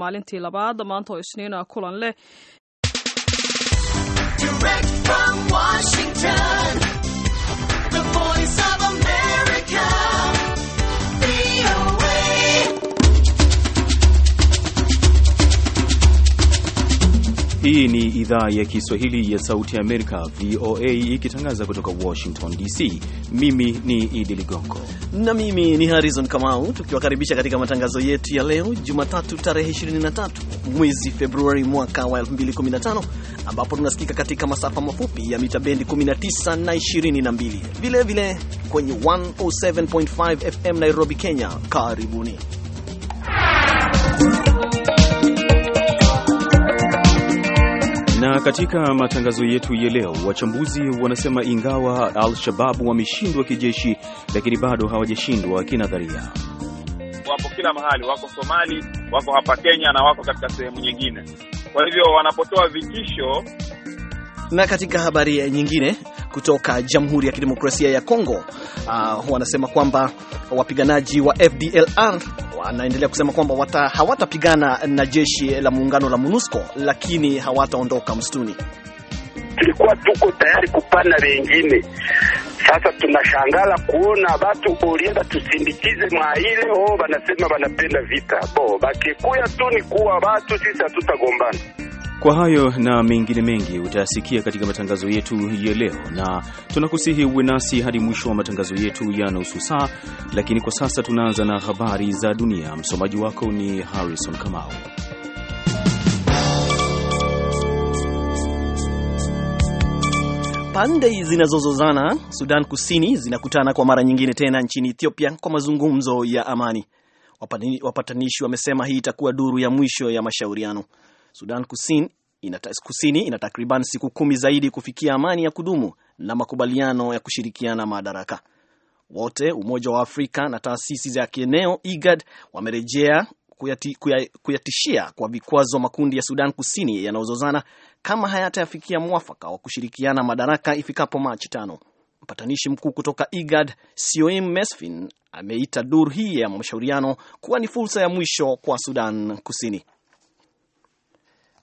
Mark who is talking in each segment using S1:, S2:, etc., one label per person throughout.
S1: maalintii labaad maanta oo isniina ah kulan leh
S2: Hii ni idhaa ya Kiswahili ya Sauti ya Amerika, VOA, ikitangaza kutoka Washington DC. Mimi ni Idi Ligongo
S3: na mimi ni Harrison Kamau, tukiwakaribisha katika matangazo yetu ya leo Jumatatu tarehe 23 mwezi Februari mwaka wa 2015 ambapo tunasikika katika masafa mafupi ya mita bendi 19 na 22, vilevile kwenye 107.5 FM Nairobi, Kenya. Karibuni
S2: Na katika matangazo yetu ya leo, wachambuzi wanasema ingawa Al-Shababu wameshindwa kijeshi, lakini bado hawajashindwa kinadharia.
S4: Wapo kila mahali, wako Somali, wako hapa Kenya na wako katika sehemu nyingine. Kwa hivyo wanapotoa vitisho
S3: na katika habari nyingine, kutoka Jamhuri ya Kidemokrasia ya Kongo. Uh, ah, wanasema kwamba wapiganaji wa FDLR wanaendelea kusema kwamba hawatapigana na jeshi la muungano la MONUSCO, lakini hawataondoka msituni. Tulikuwa
S5: tuko tayari kupana wengine sasa tunashangala kuona vatu olienda tusindikize mwaile o, oh, banasema banapenda vita
S2: bo, bakikuya tu ni kuwa watu sisi hatutagombana. Kwa hayo na mengine mengi utayasikia katika matangazo yetu ya leo, na tunakusihi uwe nasi hadi mwisho wa matangazo yetu ya nusu saa. Lakini kwa sasa tunaanza na habari za dunia. Msomaji wako ni Harrison Kamau.
S3: Pande zinazozozana Sudan Kusini zinakutana kwa mara nyingine tena nchini Ethiopia kwa mazungumzo ya amani. Wapatanishi wamesema hii itakuwa duru ya mwisho ya mashauriano. Sudan Kusini inata, Kusini ina takriban siku kumi zaidi kufikia amani ya kudumu na makubaliano ya kushirikiana madaraka. Wote Umoja wa Afrika na taasisi za kieneo IGAD wamerejea kuyati, kuyatishia kwa vikwazo makundi ya Sudan Kusini yanayozozana kama hayatayafikia mwafaka wa kushirikiana madaraka ifikapo Machi tano. Mpatanishi mkuu kutoka IGAD Sioim Mesfin ameita duru hii ya mashauriano kuwa ni fursa ya mwisho kwa Sudan Kusini.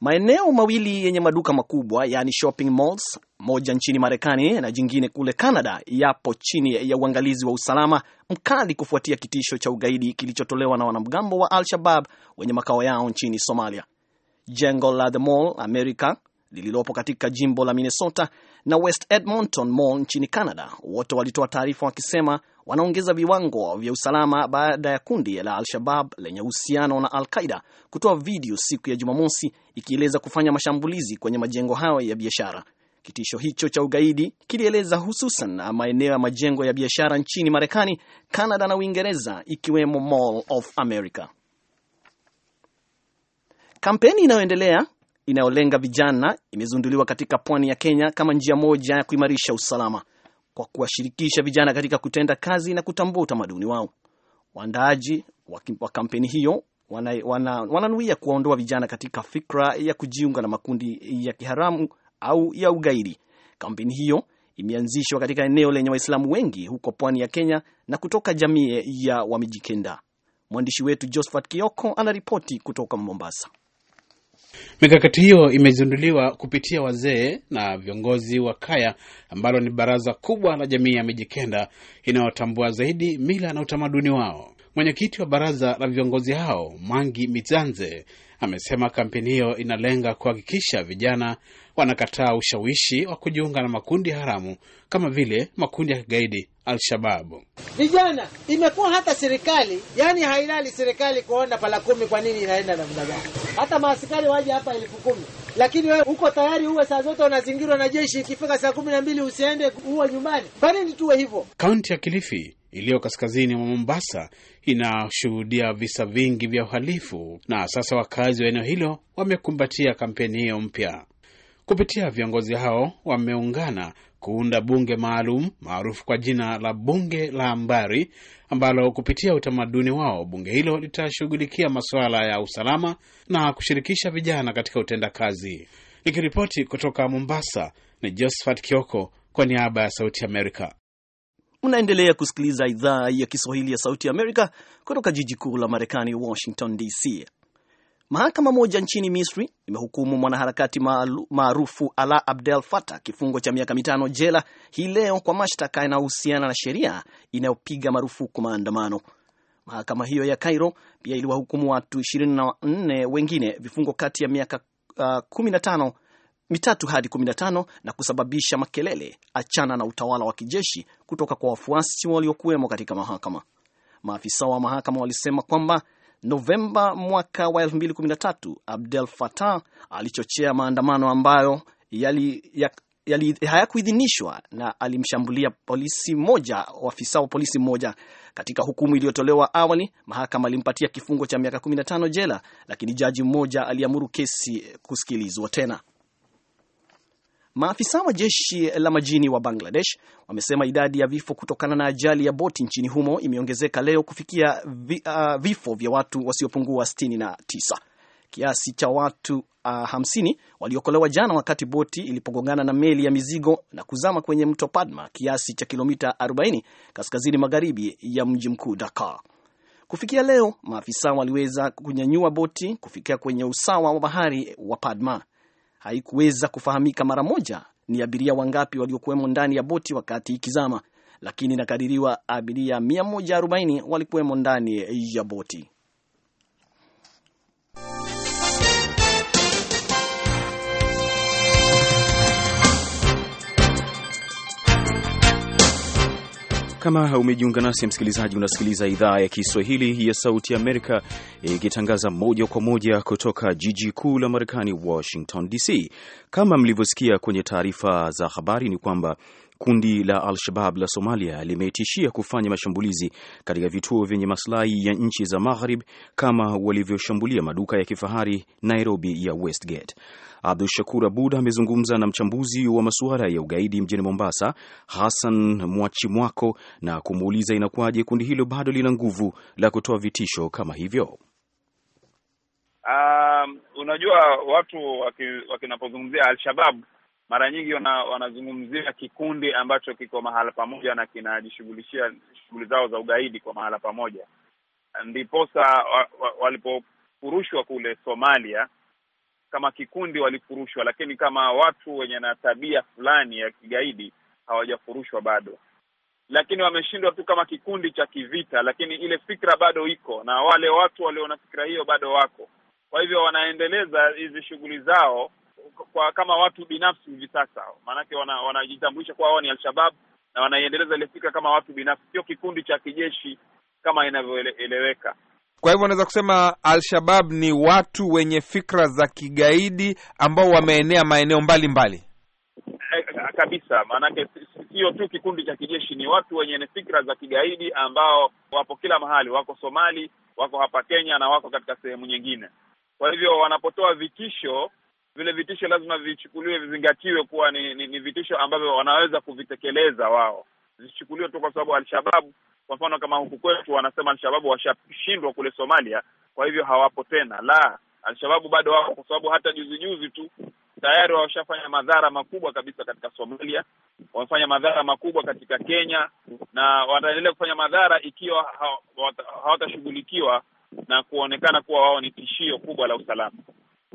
S3: Maeneo mawili yenye maduka makubwa yani shopping malls, moja nchini Marekani na jingine kule Canada, yapo chini ya uangalizi wa usalama mkali kufuatia kitisho cha ugaidi kilichotolewa na wanamgambo wa Al-Shabab wenye makao yao nchini Somalia. Jengo la The Mall America lililopo katika jimbo la Minnesota na West Edmonton Mall nchini Canada, wote walitoa taarifa wakisema wanaongeza viwango vya usalama baada ya kundi la Al-Shabab lenye uhusiano na Al-Qaida kutoa video siku ya Jumamosi ikieleza kufanya mashambulizi kwenye majengo hayo ya biashara. Kitisho hicho cha ugaidi kilieleza hususan maeneo ya majengo ya biashara nchini Marekani, Kanada na Uingereza, ikiwemo Mall of America. Kampeni inayoendelea inayolenga vijana imezunduliwa katika pwani ya Kenya kama njia moja ya kuimarisha usalama kwa kuwashirikisha vijana katika kutenda kazi na kutambua utamaduni wao. Waandaaji wa kampeni hiyo wananuia wana, wana kuwaondoa vijana katika fikra ya kujiunga na makundi ya kiharamu au ya ugaidi. Kampeni hiyo imeanzishwa katika eneo lenye Waislamu wengi huko pwani ya Kenya na kutoka jamii ya Wamijikenda. Mwandishi wetu Josephat Kioko anaripoti kutoka Mombasa. Mikakati hiyo imezinduliwa kupitia wazee na viongozi
S6: wa Kaya, ambalo ni baraza kubwa la jamii ya Mijikenda inayotambua zaidi mila na utamaduni wao. Mwenyekiti wa baraza la viongozi hao Mangi Mizanze amesema kampeni hiyo inalenga kuhakikisha vijana wanakataa ushawishi wa kujiunga na makundi haramu kama vile makundi ya kigaidi Alshababu.
S7: Vijana imekuwa hata serikali yani hailali serikali kuona pala kumi, kwa nini inaenda namna gani? Hata maaskari waje hapa elfu kumi, lakini wewe huko tayari uwe saa zote unazingirwa na jeshi, ikifika saa kumi na mbili usiende, uwe nyumbani. Kwa nini tuwe hivyo?
S6: Kaunti ya Kilifi iliyo kaskazini mwa Mombasa inashuhudia visa vingi vya uhalifu, na sasa wakazi wa eneo hilo wamekumbatia kampeni hiyo mpya. Kupitia viongozi hao wameungana kuunda bunge maalum maarufu kwa jina la bunge la Ambari, ambalo kupitia utamaduni wao bunge hilo litashughulikia masuala ya usalama na kushirikisha vijana katika utendakazi. Nikiripoti kutoka Mombasa ni Josephat
S3: Kioko kwa niaba ya Sauti Amerika. Mnaendelea kusikiliza idhaa ya Kiswahili ya Sauti ya Amerika kutoka jiji kuu la Marekani, Washington DC. Mahakama moja nchini Misri imehukumu mwanaharakati maarufu Ala Abdel Fattah kifungo cha miaka mitano jela hii leo kwa mashtaka yanayohusiana na sheria inayopiga marufuku maandamano. Mahakama hiyo ya Cairo pia iliwahukumu watu 24 wengine vifungo kati ya miaka uh, 15 mitatu hadi 15 na kusababisha makelele, achana na utawala wa kijeshi kutoka kwa wafuasi waliokuwemo katika mahakama. Maafisa wa mahakama walisema kwamba Novemba mwaka wa 2013 Abdel Fattah alichochea maandamano ambayo yali, ya, yali hayakuidhinishwa na alimshambulia polisi mmoja, afisa wa polisi mmoja. Katika hukumu iliyotolewa awali, mahakama alimpatia kifungo cha miaka 15 jela, lakini jaji mmoja aliamuru kesi kusikilizwa tena. Maafisa wa jeshi la majini wa Bangladesh wamesema idadi ya vifo kutokana na ajali ya boti nchini humo imeongezeka leo kufikia vi, uh, vifo vya watu wasiopungua 69. Kiasi cha watu uh, 50 waliokolewa jana wakati boti ilipogongana na meli ya mizigo na kuzama kwenye mto Padma kiasi cha kilomita 40 kaskazini magharibi ya mji mkuu Dakar. Kufikia leo, maafisa waliweza kunyanyua boti kufikia kwenye usawa wa bahari wa Padma haikuweza kufahamika mara moja ni abiria wangapi waliokuwemo ndani ya boti wakati ikizama, lakini inakadiriwa abiria 140 walikuwemo ndani ya boti.
S2: Kama umejiunga nasi msikilizaji, unasikiliza idhaa ya Kiswahili ya Sauti ya Amerika ikitangaza moja kwa moja kutoka jiji kuu la Marekani, Washington DC. Kama mlivyosikia kwenye taarifa za habari, ni kwamba kundi la Al-Shabab la Somalia limetishia kufanya mashambulizi katika vituo vyenye masilahi ya nchi za Magharib, kama walivyoshambulia maduka ya kifahari Nairobi ya Westgate. Abdu Shakur Abud amezungumza na mchambuzi wa masuala ya ugaidi mjini Mombasa, Hassan Mwachimwako, na kumuuliza inakuwaje kundi hilo bado lina nguvu la kutoa vitisho kama hivyo.
S4: Um, unajua watu wakinapozungumzia waki al mara nyingi wana, wanazungumzia kikundi ambacho kiko mahala pamoja na kinajishughulishia shughuli zao za ugaidi kwa mahala pamoja, ndiposa wa, wa, walipofurushwa kule Somalia kama kikundi walifurushwa, lakini kama watu wenye na tabia fulani ya kigaidi hawajafurushwa bado, lakini wameshindwa tu kama kikundi cha kivita, lakini ile fikra bado iko na wale watu walio na fikra hiyo bado wako. Kwa hivyo wanaendeleza hizi shughuli zao kwa kama watu binafsi hivi sasa, maanake wanajitambulisha wana kuwa wao ni Alshabab na wanaiendeleza ile fikra kama watu binafsi, sio kikundi cha kijeshi kama inavyoeleweka.
S8: Kwa hivyo unaweza kusema Al-Shabab ni watu wenye fikra za kigaidi ambao wameenea maeneo mbalimbali
S4: eh, kabisa. Maanake sio tu kikundi cha kijeshi, ni watu wenye fikra za kigaidi ambao wapo kila mahali, wako Somali, wako hapa Kenya na wako katika sehemu nyingine. Kwa hivyo wanapotoa vitisho, vile vitisho lazima vichukuliwe, vizingatiwe kuwa ni, ni, ni vitisho ambavyo wanaweza kuvitekeleza wao zichukuliwe tu kwa sababu Alshababu, kwa mfano kama huku kwetu wanasema Alshababu washashindwa kule Somalia, kwa hivyo hawapo tena. La, Alshababu bado wako, kwa sababu hata juzi juzi tu tayari washafanya madhara makubwa kabisa katika Somalia, wamefanya madhara makubwa katika Kenya na wataendelea kufanya madhara ikiwa hawatashughulikiwa na kuonekana kuwa wao ni tishio kubwa la usalama.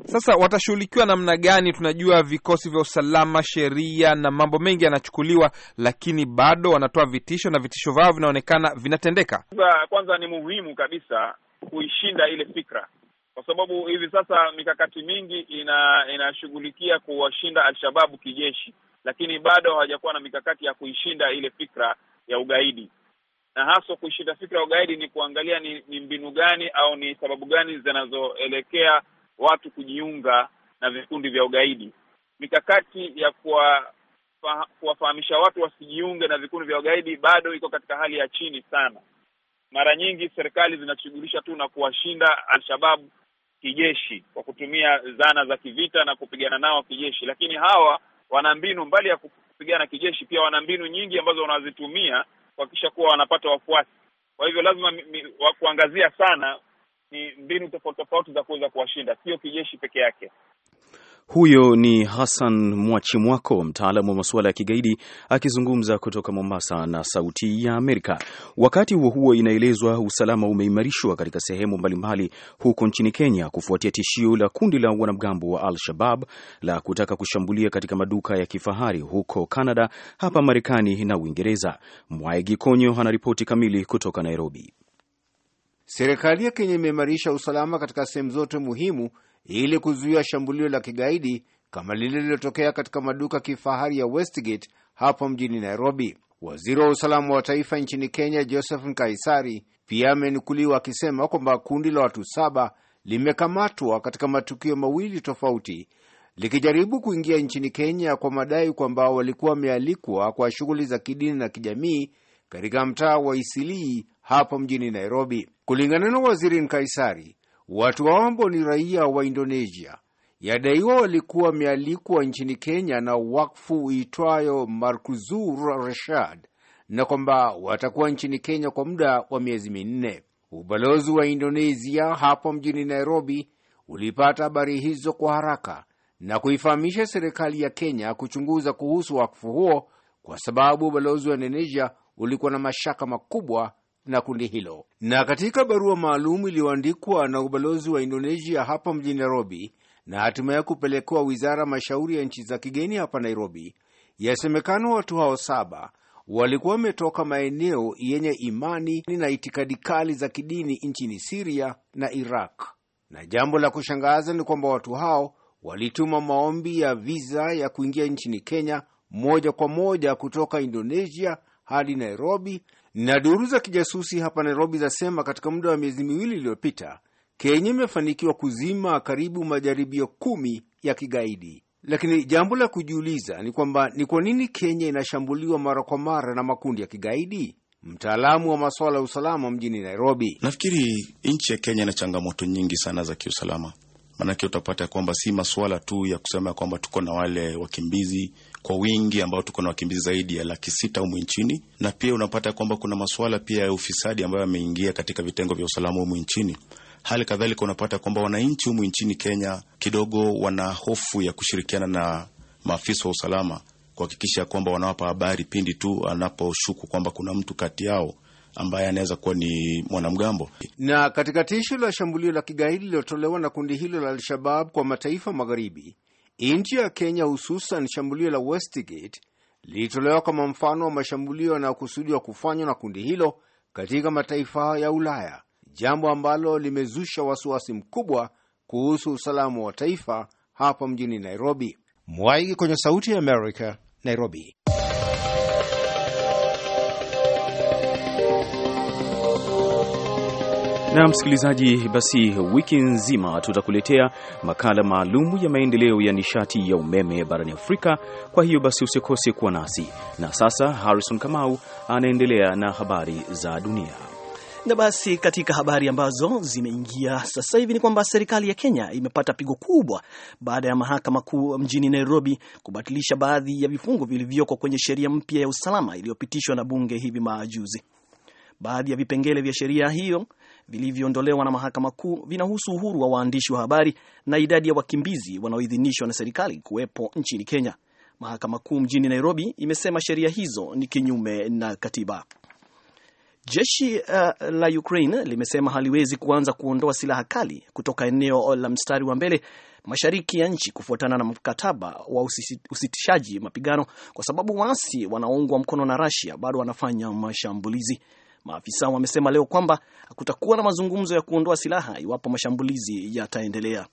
S8: Sasa watashughulikiwa namna gani? Tunajua vikosi vya usalama, sheria na mambo mengi yanachukuliwa, lakini bado wanatoa vitisho na vitisho vyao vinaonekana vinatendeka.
S4: Kwanza ni muhimu kabisa kuishinda ile fikra, kwa sababu hivi sasa mikakati mingi ina inashughulikia kuwashinda Alshababu kijeshi, lakini bado hawajakuwa na mikakati ya kuishinda ile fikra ya ugaidi na haswa kuishinda fikra ya ugaidi ni kuangalia ni, ni mbinu gani au ni sababu gani zinazoelekea watu kujiunga na vikundi vya ugaidi. Mikakati ya kuwafahamisha watu wasijiunge na vikundi vya ugaidi bado iko katika hali ya chini sana. Mara nyingi serikali zinashughulisha tu na kuwashinda Alshababu kijeshi kwa kutumia zana za kivita na kupigana nao kijeshi, lakini hawa wana mbinu mbali ya kupigana kijeshi, pia wana mbinu nyingi ambazo wanazitumia kuhakikisha kuwa wanapata wafuasi. Kwa hivyo lazima wa kuangazia sana ni mbinu tofauti tofauti za kuweza kuwashinda, sio kijeshi peke yake.
S2: Huyo ni Hassan Mwachimwako, mtaalamu wa masuala ya kigaidi akizungumza kutoka Mombasa na Sauti ya Amerika. Wakati huo huo, inaelezwa usalama umeimarishwa katika sehemu mbalimbali huko nchini Kenya kufuatia tishio la kundi la wanamgambo wa Al-Shabab la kutaka kushambulia katika maduka ya kifahari huko canada hapa Marekani na Uingereza. Mwaegi Konyo anaripoti kamili kutoka
S9: Nairobi. Serikali ya Kenya imeimarisha usalama katika sehemu zote muhimu ili kuzuia shambulio la kigaidi kama lile lililotokea katika maduka kifahari ya Westgate hapo mjini Nairobi. Waziri wa usalama wa taifa nchini Kenya Joseph Nkaisari pia amenukuliwa akisema kwamba kundi la watu saba limekamatwa katika matukio mawili tofauti likijaribu kuingia nchini Kenya kwa madai kwamba walikuwa wamealikwa kwa shughuli za kidini na kijamii katika mtaa wa Isilii hapo mjini Nairobi. Kulingana na Waziri Nkaisari, watu wa ni raia wa Indonesia. Yadaiwa walikuwa wamealikwa nchini Kenya na wakfu uitwayo Markuzur Rashad na kwamba watakuwa nchini Kenya kwa muda wa miezi minne. Ubalozi wa Indonesia hapo mjini Nairobi ulipata habari hizo kwa haraka na kuifahamisha serikali ya Kenya kuchunguza kuhusu wakfu huo, kwa sababu ubalozi wa Indonesia ulikuwa na mashaka makubwa na kundi hilo. Na katika barua maalum iliyoandikwa na ubalozi wa Indonesia hapa mjini Nairobi na hatimaye kupelekewa wizara mashauri ya nchi za kigeni hapa Nairobi, yasemekana watu hao saba walikuwa wametoka maeneo yenye imani na itikadi kali za kidini nchini Siria na Iraq, na jambo la kushangaza ni kwamba watu hao walituma maombi ya viza ya kuingia nchini Kenya moja kwa moja kutoka Indonesia hadi Nairobi na duru za kijasusi hapa Nairobi zasema katika muda wa miezi miwili iliyopita, Kenya imefanikiwa kuzima karibu majaribio kumi ya kigaidi. Lakini jambo la kujiuliza ni kwamba ni kwa nini Kenya inashambuliwa mara kwa mara na makundi ya kigaidi? Mtaalamu wa masuala ya usalama mjini Nairobi:
S2: nafikiri nchi ya Kenya ina changamoto nyingi sana za kiusalama, maanake utapata ya kwamba si masuala tu ya kusema ya kwamba tuko na wale wakimbizi kwa wingi ambao tuko na wakimbizi zaidi ya laki sita humu nchini, na pia unapata kwamba kuna masuala pia ya ufisadi ambayo yameingia katika vitengo vya usalama humu nchini. Hali kadhalika unapata kwamba wananchi humu nchini Kenya kidogo wana hofu ya kushirikiana na maafisa wa usalama kuhakikisha kwamba wanawapa habari pindi tu anaposhuku kwamba kuna mtu kati yao ambaye anaweza kuwa ni mwanamgambo.
S9: Na katika tisho la shambulio la kigaidi lililotolewa na kundi hilo la Al-Shabab kwa mataifa magharibi, Nchi ya Kenya, hususan shambulio la Westgate lilitolewa kama mfano wa mashambulio yanayokusudiwa kufanywa na kundi hilo katika mataifa ya Ulaya, jambo ambalo limezusha wasiwasi mkubwa kuhusu usalama wa taifa hapa mjini Nairobi. Mwaigi kwenye Sauti ya Amerika, Nairobi.
S2: Na msikilizaji, basi wiki nzima tutakuletea makala maalum ya maendeleo ya nishati ya umeme barani Afrika. Kwa hiyo basi usikose kuwa nasi. Na sasa Harrison Kamau anaendelea na habari za dunia.
S3: Na basi katika habari ambazo zimeingia sasa hivi ni kwamba serikali ya Kenya imepata pigo kubwa baada ya mahakama kuu mjini Nairobi kubatilisha baadhi ya vifungu vilivyoko kwenye sheria mpya ya usalama iliyopitishwa na bunge hivi majuzi. Baadhi ya vipengele vya sheria hiyo vilivyoondolewa na mahakama kuu vinahusu uhuru wa waandishi wa habari na idadi ya wakimbizi wanaoidhinishwa na serikali kuwepo nchini Kenya. Mahakama kuu mjini Nairobi imesema sheria hizo ni kinyume na katiba. Jeshi uh, la Ukraine limesema haliwezi kuanza kuondoa silaha kali kutoka eneo la mstari wa mbele mashariki ya nchi kufuatana na mkataba wa usitishaji mapigano kwa sababu waasi wanaoungwa mkono na Russia bado wanafanya mashambulizi. Maafisa wamesema leo kwamba kutakuwa na mazungumzo ya kuondoa silaha iwapo mashambulizi yataendelea.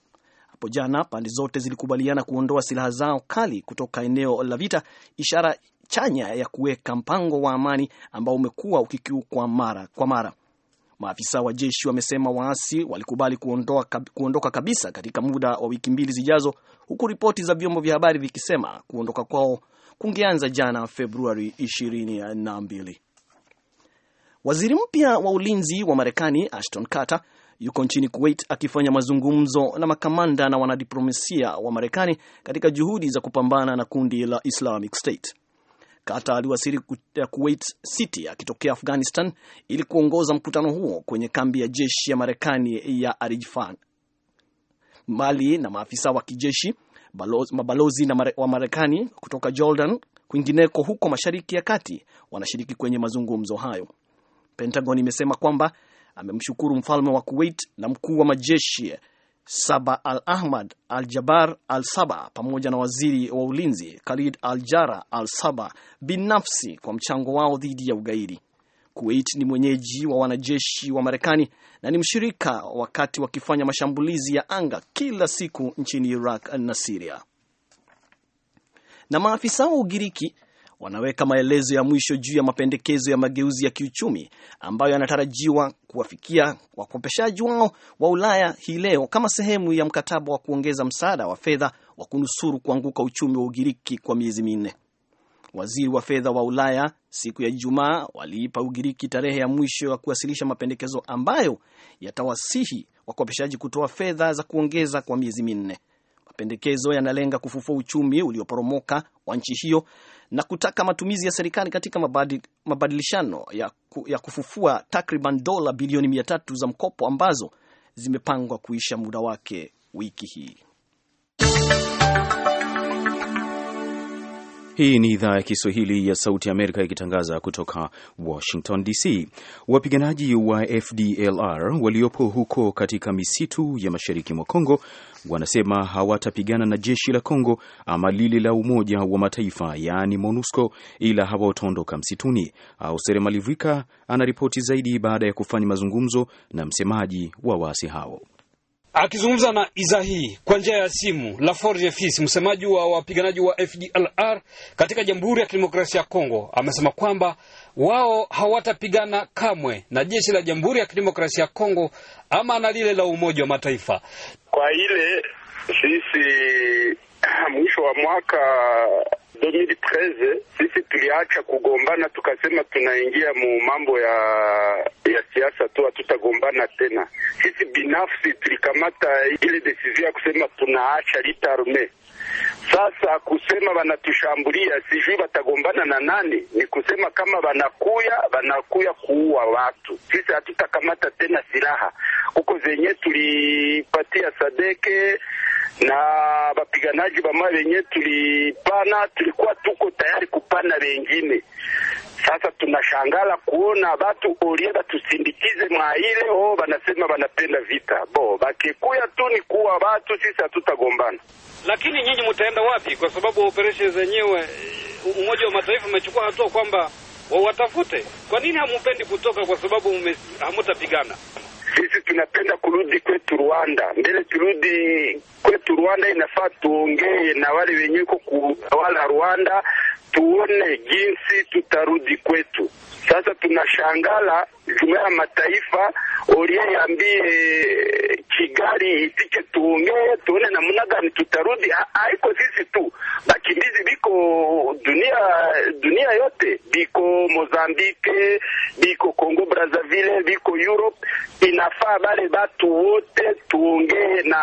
S3: Hapo jana pande zote zilikubaliana kuondoa silaha zao kali kutoka eneo la vita, ishara chanya ya kuweka mpango wa amani ambao umekuwa ukikiukwa mara kwa mara. Maafisa wa jeshi wamesema waasi walikubali kuondoa, kuondoka kabisa katika muda wa wiki mbili zijazo, huku ripoti za vyombo vya habari vikisema kuondoka kwao kungeanza jana Februari 22. Waziri mpya wa ulinzi wa Marekani Ashton Carter yuko nchini Kuwait akifanya mazungumzo na makamanda na wanadiplomasia wa Marekani katika juhudi za kupambana na kundi la Islamic State. Carter aliwasili eh, Kuwait City akitokea Afghanistan ili kuongoza mkutano huo kwenye kambi ya jeshi ya Marekani ya Arijfan. Mbali na maafisa wa kijeshi, balozi, mabalozi na mare, wa Marekani kutoka Jordan kwingineko huko Mashariki ya Kati wanashiriki kwenye mazungumzo hayo. Pentagon imesema kwamba amemshukuru mfalme wa Kuwait na mkuu wa majeshi Saba Al Ahmad Al Jabar Al Saba pamoja na waziri wa ulinzi Khalid Al Jara Al Saba binafsi kwa mchango wao dhidi ya ugaidi. Kuwait ni mwenyeji wa wanajeshi wa Marekani na ni mshirika wakati wakifanya mashambulizi ya anga kila siku nchini Iraq na Siria. Na maafisa wa Ugiriki wanaweka maelezo ya mwisho juu ya mapendekezo ya mageuzi ya kiuchumi ambayo yanatarajiwa kuwafikia wakopeshaji wao wa Ulaya hii leo kama sehemu ya mkataba wa kuongeza msaada wa fedha wa kunusuru kuanguka uchumi wa Ugiriki kwa miezi minne. Waziri wa fedha wa Ulaya siku ya Ijumaa waliipa Ugiriki tarehe ya mwisho ya kuwasilisha mapendekezo ambayo yatawasihi wakopeshaji kutoa fedha za kuongeza kwa miezi minne. Mapendekezo yanalenga kufufua uchumi ulioporomoka wa nchi hiyo na kutaka matumizi ya serikali katika mabadilishano ya, ku, ya kufufua takriban dola bilioni mia tatu za mkopo ambazo zimepangwa kuisha muda wake wiki hii.
S2: Hii ni idhaa ya Kiswahili ya Sauti ya Amerika ikitangaza kutoka Washington DC. Wapiganaji wa FDLR waliopo huko katika misitu ya mashariki mwa Kongo wanasema hawatapigana na jeshi la Kongo ama lile la Umoja wa Mataifa yaani MONUSCO, ila hawataondoka msituni. Ausere Malivika anaripoti zaidi baada ya kufanya mazungumzo na msemaji wa waasi hao.
S8: Akizungumza na idhaa hii kwa njia ya simu, la Forge Fils, msemaji wa wapiganaji wa FDLR katika Jamhuri ya Kidemokrasia ya Kongo, amesema kwamba wao hawatapigana kamwe na jeshi la Jamhuri ya Kidemokrasia ya Kongo ama na lile la Umoja wa Mataifa. Kwa ile
S5: sisi mwisho wa mwaka 2013 sisi tuliacha kugombana, tukasema tunaingia mu mambo ya ya siasa tu, hatutagombana tena. Sisi binafsi tulikamata ile decision ya kusema tunaacha lita sasa kusema wanatushambulia, sijui watagombana na nani? Ni kusema kama wanakuya wanakuya kuua watu, sisi hatutakamata tena silaha huko zenye tulipatia Sadeke na wapiganaji wama wenye tulipana, tulikuwa tuko tayari kupana wengine sasa tunashangala kuona batu olie batusindikize mwaile o banasema banapenda vita bo bakikuya tu ni kuwa batu sisi hatutagombana.
S8: Lakini nyinyi mtaenda wapi? Kwa sababu operesheni zenyewe Umoja wa Mataifa umechukua hatua kwamba wawatafute. Kwa nini hamupendi kutoka? Kwa sababu hamutapigana. Sisi tunapenda kurudi
S5: kwetu Rwanda, mbele turudi kwetu Rwanda. Inafaa tuongee na wale wenyewe ko Rwanda tuone jinsi tutarudi kwetu. Sasa tunashangala jumuiya ya mataifa uliyeambie eh, Kigali itike tuongee tuone namna gani tutarudi. Haiko sisi tu bakimbizi biko dunia dunia yote, biko Mozambique, biko Congo Brazzaville, biko Europe. Inafaa bale batu wote tuongee na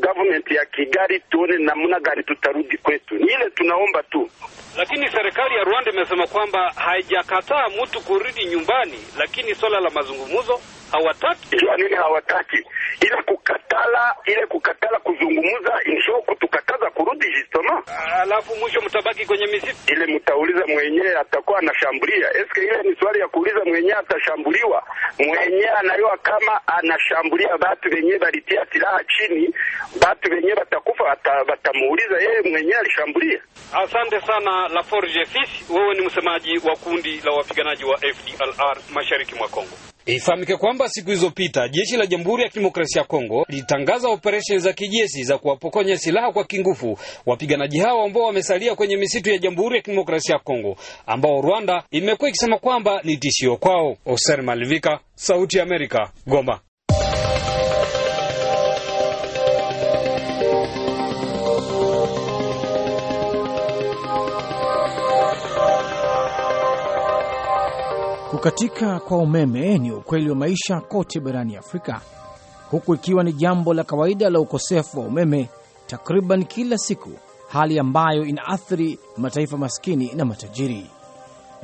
S5: government ya Kigali tuone namna gani tutarudi kwetu. Ni ile tunaomba tu
S8: lakini serikali ya Rwanda imesema kwamba haijakataa mtu kurudi nyumbani, lakini swala la mazungumzo hawataki kwa nini, hawataki ile kukatala, ile kukatala
S5: kuzungumza, insho kutukataza kurudi jistoma. Alafu mwisho mtabaki kwenye misitu ile, mtauliza mwenyewe atakuwa anashambulia. Eske ile ni swali ya kuuliza mwenyewe atashambuliwa? Mwenyewe anayoa kama anashambulia batu venyewe balitia silaha chini, batu venyewe batakufa, batamuuliza yeye mwenyewe alishambulia.
S8: Asante sana forge fish wewe ni msemaji wa kundi la wapiganaji wa FDLR mashariki mwa Kongo. Ifahamike kwamba siku hizopita jeshi la Jamhuri ya Kidemokrasia ya Kongo lilitangaza operesheni za kijeshi za kuwapokonya silaha kwa kingufu wapiganaji hao ambao wamesalia kwenye misitu ya Jamhuri ya Kidemokrasia ya Kongo ambao Rwanda imekuwa ikisema kwamba ni tishio kwao. Oser Malivika, Sauti ya Amerika, Goma.
S7: Kukatika kwa umeme ni ukweli wa maisha kote barani Afrika, huku ikiwa ni jambo la kawaida la ukosefu wa umeme takriban kila siku, hali ambayo inaathiri mataifa maskini na matajiri.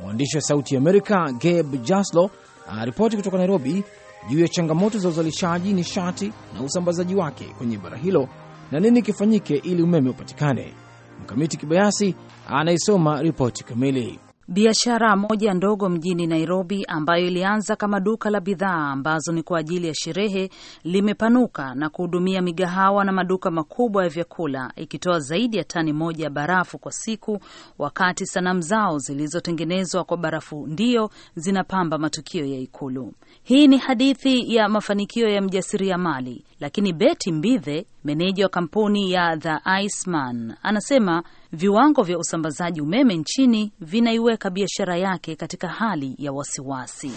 S7: Mwandishi wa Sauti ya Amerika Gabe Jaslow anaripoti kutoka Nairobi juu ya changamoto za uzalishaji nishati na usambazaji wake kwenye bara hilo na nini kifanyike ili umeme upatikane. Mkamiti Kibayasi anaisoma ripoti kamili.
S10: Biashara moja ndogo mjini Nairobi ambayo ilianza kama duka la bidhaa ambazo ni kwa ajili ya sherehe limepanuka na kuhudumia migahawa na maduka makubwa ya vyakula, ikitoa zaidi ya tani moja ya barafu kwa siku, wakati sanamu zao zilizotengenezwa kwa barafu ndio zinapamba matukio ya Ikulu. Hii ni hadithi ya mafanikio ya mjasiriamali, lakini Betty Mbithe, meneja wa kampuni ya The Iceman, anasema viwango vya usambazaji umeme nchini vinaiweka biashara yake katika hali ya wasiwasi.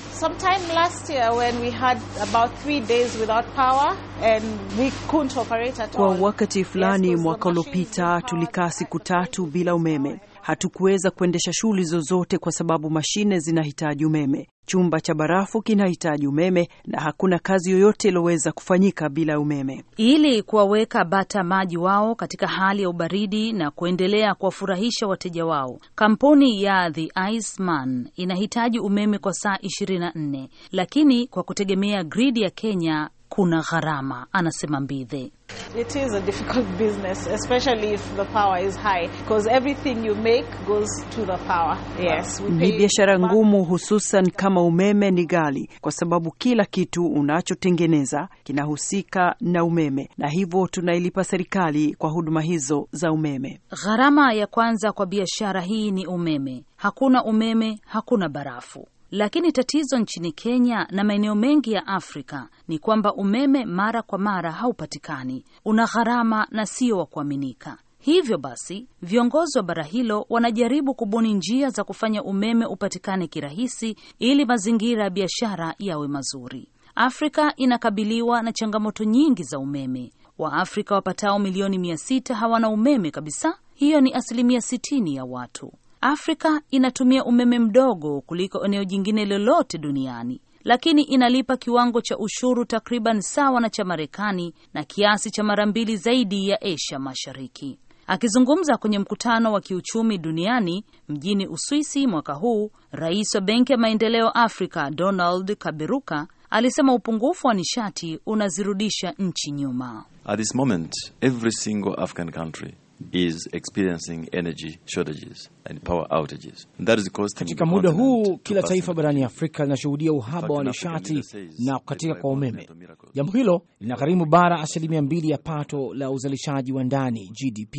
S10: Kwa
S1: wakati fulani mwaka uliopita tulikaa siku tatu bila umeme hatukuweza kuendesha shughuli zozote kwa sababu mashine zinahitaji umeme, chumba cha barafu kinahitaji umeme, na hakuna kazi yoyote iliyoweza kufanyika bila umeme.
S10: Ili kuwaweka bata maji wao katika hali ya ubaridi na kuendelea kuwafurahisha wateja wao, kampuni ya The Iceman inahitaji umeme kwa saa 24 lakini kwa kutegemea gridi ya Kenya kuna gharama, anasema Mbidhe. It is a
S1: difficult business, especially if the power is high, because everything you make goes to the
S10: power. Yes, we pay... Ni
S1: biashara ngumu hususan kama umeme ni ghali kwa sababu kila kitu unachotengeneza kinahusika na umeme na hivyo tunailipa serikali kwa huduma hizo za umeme.
S10: Gharama ya kwanza kwa biashara hii ni umeme. Hakuna umeme, hakuna barafu. Lakini tatizo nchini Kenya na maeneo mengi ya Afrika ni kwamba umeme mara kwa mara haupatikani, una gharama na sio wa kuaminika. Hivyo basi viongozi wa bara hilo wanajaribu kubuni njia za kufanya umeme upatikane kirahisi ili mazingira ya biashara yawe mazuri. Afrika inakabiliwa na changamoto nyingi za umeme. Waafrika wapatao milioni mia sita hawana umeme kabisa. Hiyo ni asilimia sitini ya watu. Afrika inatumia umeme mdogo kuliko eneo jingine lolote duniani, lakini inalipa kiwango cha ushuru takriban sawa na cha Marekani na kiasi cha mara mbili zaidi ya Asia Mashariki. Akizungumza kwenye mkutano wa kiuchumi duniani mjini Uswisi mwaka huu, rais wa Benki ya Maendeleo Afrika Donald Kaberuka alisema upungufu wa nishati unazirudisha nchi nyuma.
S2: At this moment, every single African country is experiencing energy shortages and power outages. And that is Katika muda huu
S7: kila taifa barani Afrika linashuhudia uhaba wa nishati na kukatika kwa umeme. Jambo hilo linagharimu bara asilimia mbili ya pato la uzalishaji wa ndani GDP.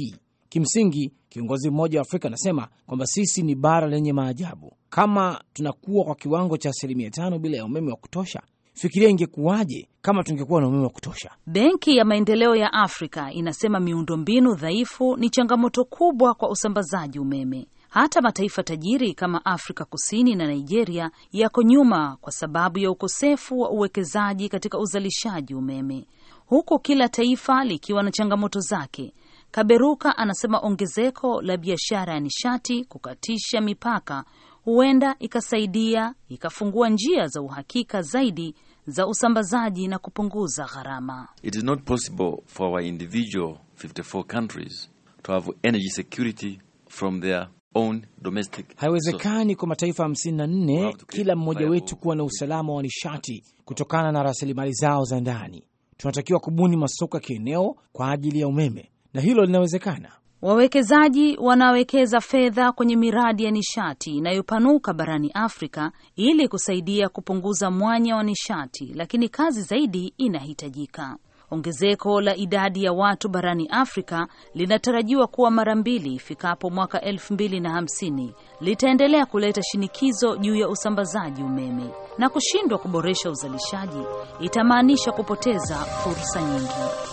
S7: Kimsingi, kiongozi mmoja wa Afrika anasema kwamba sisi ni bara lenye maajabu. Kama tunakuwa kwa kiwango cha asilimia tano bila ya umeme wa kutosha, Fikiria ingekuwaje kama tungekuwa na umeme wa kutosha.
S10: Benki ya Maendeleo ya Afrika inasema miundombinu dhaifu ni changamoto kubwa kwa usambazaji umeme. Hata mataifa tajiri kama Afrika Kusini na Nigeria yako nyuma kwa sababu ya ukosefu wa uwekezaji katika uzalishaji umeme, huku kila taifa likiwa na changamoto zake. Kaberuka anasema ongezeko la biashara ya nishati kukatisha mipaka huenda ikasaidia ikafungua njia za uhakika zaidi za usambazaji na kupunguza gharama.
S9: It is not possible for our individual
S2: 54 countries to have energy security from their own domestic.
S7: Haiwezekani kwa mataifa 54 kila mmoja wetu kuwa na usalama wa nishati kutokana na rasilimali zao za ndani. Tunatakiwa kubuni masoko ya kieneo kwa ajili ya umeme na hilo linawezekana.
S10: Wawekezaji wanawekeza fedha kwenye miradi ya nishati inayopanuka barani Afrika ili kusaidia kupunguza mwanya wa nishati, lakini kazi zaidi inahitajika. Ongezeko la idadi ya watu barani Afrika linatarajiwa kuwa mara mbili ifikapo mwaka 2050 litaendelea kuleta shinikizo juu ya usambazaji umeme, na kushindwa kuboresha uzalishaji itamaanisha kupoteza fursa nyingi.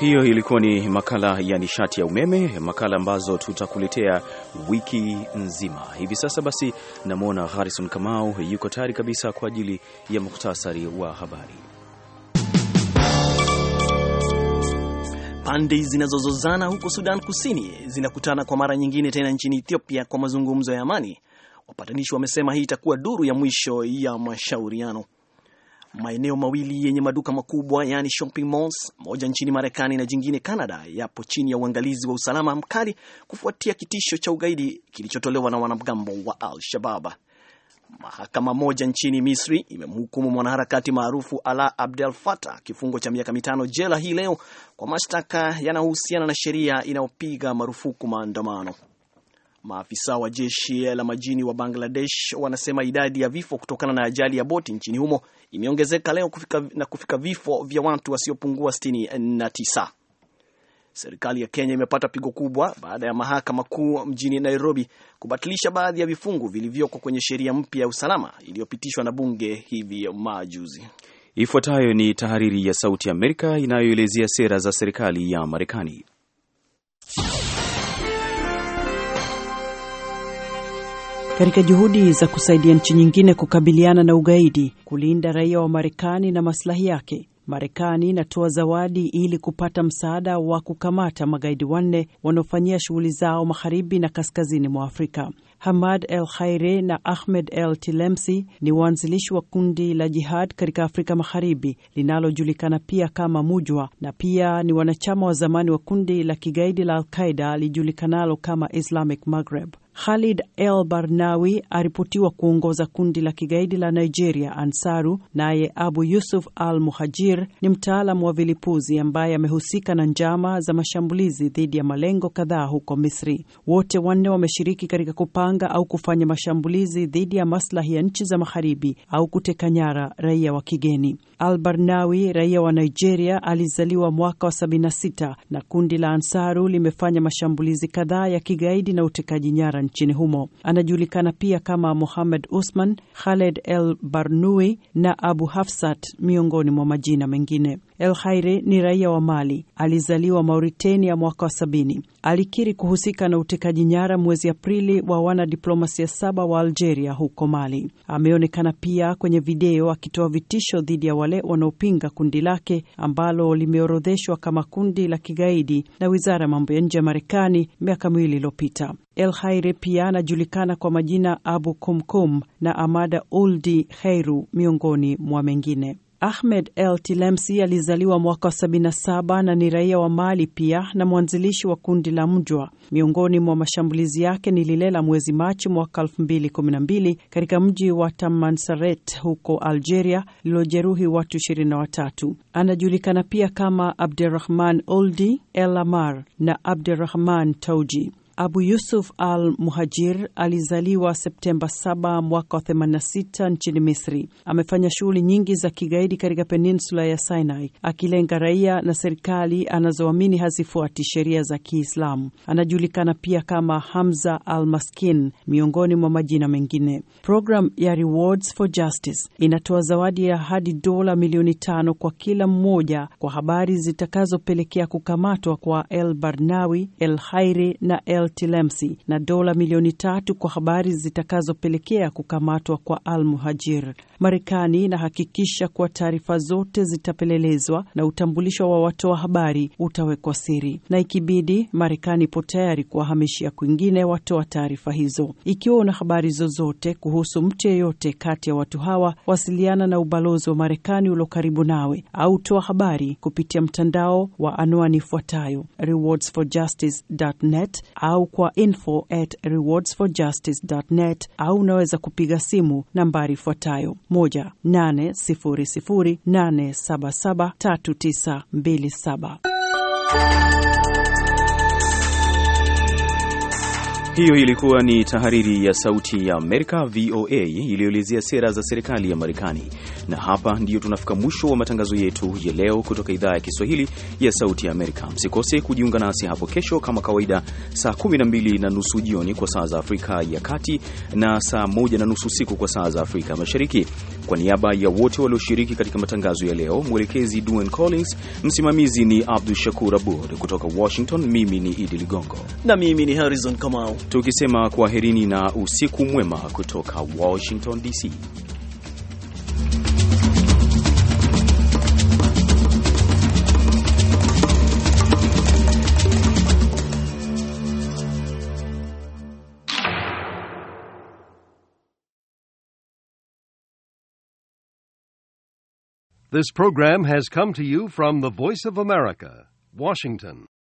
S2: Hiyo ilikuwa ni makala ya nishati ya umeme, makala ambazo tutakuletea wiki nzima. Hivi sasa basi, namwona Harrison Kamau
S3: yuko tayari kabisa kwa ajili ya muhtasari wa habari. Pande zinazozozana huko Sudan Kusini zinakutana kwa mara nyingine tena nchini Ethiopia kwa mazungumzo ya amani. Wapatanishi wamesema hii itakuwa duru ya mwisho ya mashauriano. Maeneo mawili yenye maduka makubwa yani shopping malls, moja nchini Marekani na jingine Canada, yapo chini ya uangalizi wa usalama mkali kufuatia kitisho cha ugaidi kilichotolewa na wanamgambo wa al shabaab Mahakama moja nchini Misri imemhukumu mwanaharakati maarufu Ala Abdel Fattah kifungo cha miaka mitano jela hii leo kwa mashtaka yanayohusiana na sheria inayopiga marufuku maandamano. Maafisa wa jeshi la majini wa Bangladesh wanasema idadi ya vifo kutokana na ajali ya boti nchini humo imeongezeka leo kufika, na kufika vifo vya watu wasiopungua 69. Serikali ya Kenya imepata pigo kubwa baada ya mahakama kuu mjini Nairobi kubatilisha baadhi ya vifungu vilivyoko kwenye sheria mpya ya usalama iliyopitishwa na bunge hivi majuzi.
S2: Ifuatayo ni tahariri ya Sauti ya Amerika inayoelezea sera za serikali ya Marekani.
S1: katika juhudi za kusaidia nchi nyingine kukabiliana na ugaidi, kulinda raia wa Marekani na maslahi yake. Marekani inatoa zawadi ili kupata msaada wa kukamata magaidi wanne wanaofanyia shughuli zao magharibi na kaskazini mwa Afrika. Hamad El Khaire na Ahmed El Tilemsi ni waanzilishi wa kundi la Jihad katika Afrika Magharibi linalojulikana pia kama Mujwa, na pia ni wanachama wa zamani wa kundi la kigaidi la alqaida lijulikanalo kama Islamic Maghreb. Khalid El Barnawi aripotiwa kuongoza kundi la kigaidi la Nigeria Ansaru, naye Abu Yusuf Al Muhajir ni mtaalamu wa vilipuzi ambaye amehusika na njama za mashambulizi dhidi ya malengo kadhaa huko Misri. Wote wanne wameshiriki katika kupanga au kufanya mashambulizi dhidi ya maslahi ya nchi za magharibi au kuteka nyara raia wa kigeni al-Barnawi, raia wa Nigeria, alizaliwa mwaka wa 76 na kundi la Ansaru limefanya mashambulizi kadhaa ya kigaidi na utekaji nyara nchini humo. Anajulikana pia kama Mohamed Usman, Khaled El Barnui na Abu Hafsat miongoni mwa majina mengine. El Haire ni raia wa Mali, alizaliwa Mauritania mwaka wa sabini. Alikiri kuhusika na utekaji nyara mwezi Aprili wa wanadiplomasia saba wa Algeria huko Mali. Ameonekana pia kwenye video akitoa vitisho dhidi ya wale wanaopinga kundi lake ambalo limeorodheshwa kama kundi la kigaidi na wizara ya mambo ya nje ya Marekani miaka miwili iliyopita. El Haire pia anajulikana kwa majina Abu Kumkum na Amada Uldi Heiru miongoni mwa mengine. Ahmed El Tilemsi alizaliwa mwaka wa 77 na ni raia wa Mali pia na mwanzilishi wa kundi la Mjwa. Miongoni mwa mashambulizi yake ni lile la mwezi Machi mwaka 2012 katika mji wa Tamansaret huko Algeria lililojeruhi watu 23. Anajulikana pia kama abdurahman Oldi El Amar na abdurahman Tauji. Abu Yusuf al Muhajir alizaliwa Septemba 7 mwaka wa 86 nchini Misri. Amefanya shughuli nyingi za kigaidi katika peninsula ya Sinai, akilenga raia na serikali anazoamini hazifuati sheria za Kiislamu. Anajulikana pia kama Hamza al Maskin, miongoni mwa majina mengine. Programu ya Rewards for Justice inatoa zawadi ya hadi dola milioni tano kwa kila mmoja kwa habari zitakazopelekea kukamatwa kwa El Barnawi, El Hairi na El Paul Tilemsi na dola milioni tatu kwa habari zitakazopelekea kukamatwa kwa Al Muhajir. Marekani inahakikisha kuwa taarifa zote zitapelelezwa na utambulisho wa watoa habari utawekwa siri, na ikibidi, Marekani ipo tayari kuwahamishia kwingine watoa taarifa hizo. Ikiwa una habari zozote kuhusu mtu yeyote kati ya watu hawa, wasiliana na ubalozi wa Marekani ulio karibu nawe au toa habari kupitia mtandao wa anwani ifuatayo rewardsforjustice.net au au kwa info at rewards for rewardsforjustice.net au unaweza kupiga simu nambari ifuatayo: 1800 877 3927.
S2: Hiyo ilikuwa ni tahariri ya Sauti ya Amerika, VOA, iliyoelezea sera za serikali ya Marekani. Na hapa ndiyo tunafika mwisho wa matangazo yetu ya leo kutoka idhaa ya Kiswahili ya Sauti ya Amerika. Msikose kujiunga nasi hapo kesho kama kawaida, saa 12 na nusu jioni kwa saa za Afrika ya Kati na saa 1 na nusu usiku kwa saa za Afrika Mashariki. Kwa niaba ya wote walioshiriki katika matangazo ya leo, mwelekezi Duan Collins, msimamizi ni Abdu Shakur Abud kutoka Washington, mimi ni Idi Ligongo
S3: na mimi ni Harrison Kamau
S2: tukisema kwaherini na usiku mwema kutoka Washington DC.
S10: This program has come to you from the
S2: Voice of America, Washington.